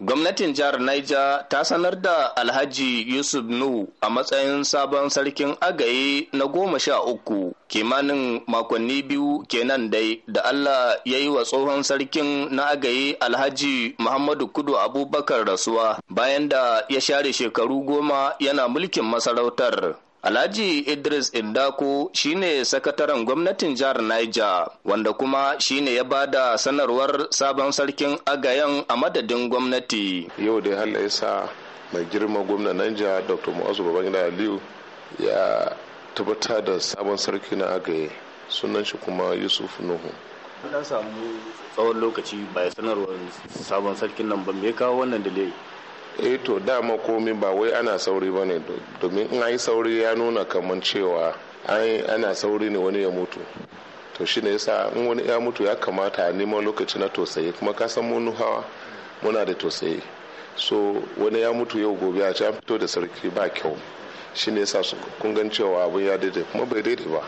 Gwamnatin jihar Niger ta sanar da Alhaji Yusuf Nu a matsayin sabon sarkin agaye na goma sha uku, kimanin makonni biyu kenan dai da Allah ya yi wa tsohon sarkin na agaye Alhaji Muhammadu Kudu Abubakar rasuwa bayan da ya share shekaru goma yana mulkin masarautar. Alhaji Idris Indako shine sakataren gwamnatin jihar Niger wanda kuma shine ya ba da sanarwar sabon sarkin agayan a madadin gwamnati. Yau dai ya ya sa mai girma gwamnan Niger Dr. Mu'azu Babangida Aliyu ya tabbatar da sabon sarki na agaye sunan shi kuma Yusuf Nuhu. An samu tsawon lokaci bai sanarwar sabon sarkin nan ba me kawo wannan dalili? eh to dama komi ba wai ana sauri ba ne domin in yi sauri ya nuna kamar cewa ana sauri ne wani ya mutu to shi ne yasa in wani ya mutu ya kamata a neman lokaci na tosaye kuma ka san mun hawa muna da tosaye so wani ya mutu yau gobe a can fito da sarki ba kyau shi ne yasa kun gan cewa abin ya daidai kuma bai daidai ba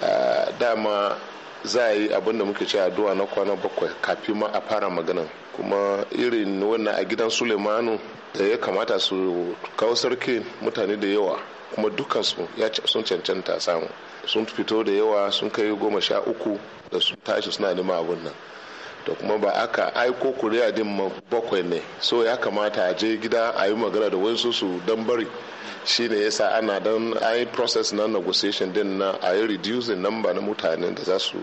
ah, dama za a yi abin da muke ce addu'a na kwana bakwai kafin ma a fara maganan kuma irin wannan a gidan sulemanu da eh, ya kamata su kawo sarki mutane da yawa kuma dukansu sun cancanta samu sun fito da yawa sun kai goma sha uku da su tashi suna neman abin nan da kuma ba aka aiko kuri'a din ma bakwai ne so ya kamata a je gida a yi magana da wasu su dan bari shi shine yasa ana dan a process na negotiation din na a yi reducing number na mutanen da za su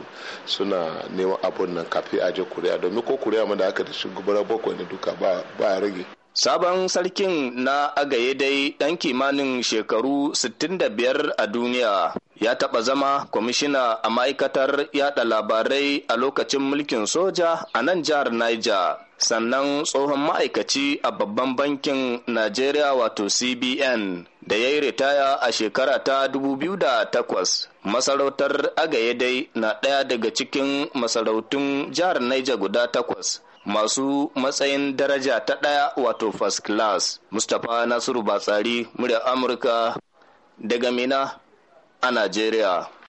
suna neman abun nan kafi a je kuri'a domin ko kuri'a ma da aka da gubara bakwai ne duka ba rage Sabon sarkin na agaye dai ɗan kimanin shekaru 65 a duniya ya taɓa zama kwamishina a ma'aikatar yaɗa labarai a lokacin mulkin soja a nan jihar Niger. Sannan tsohon ma'aikaci a babban bankin Najeriya wato CBN da ya yi ritaya a shekara ta 2008. Masarautar agaye dai na ɗaya daga cikin masarautun jihar Niger guda takwas. masu matsayin daraja ta ɗaya wato first class mustapha nasiru batsari murya amurka daga mina a najeriya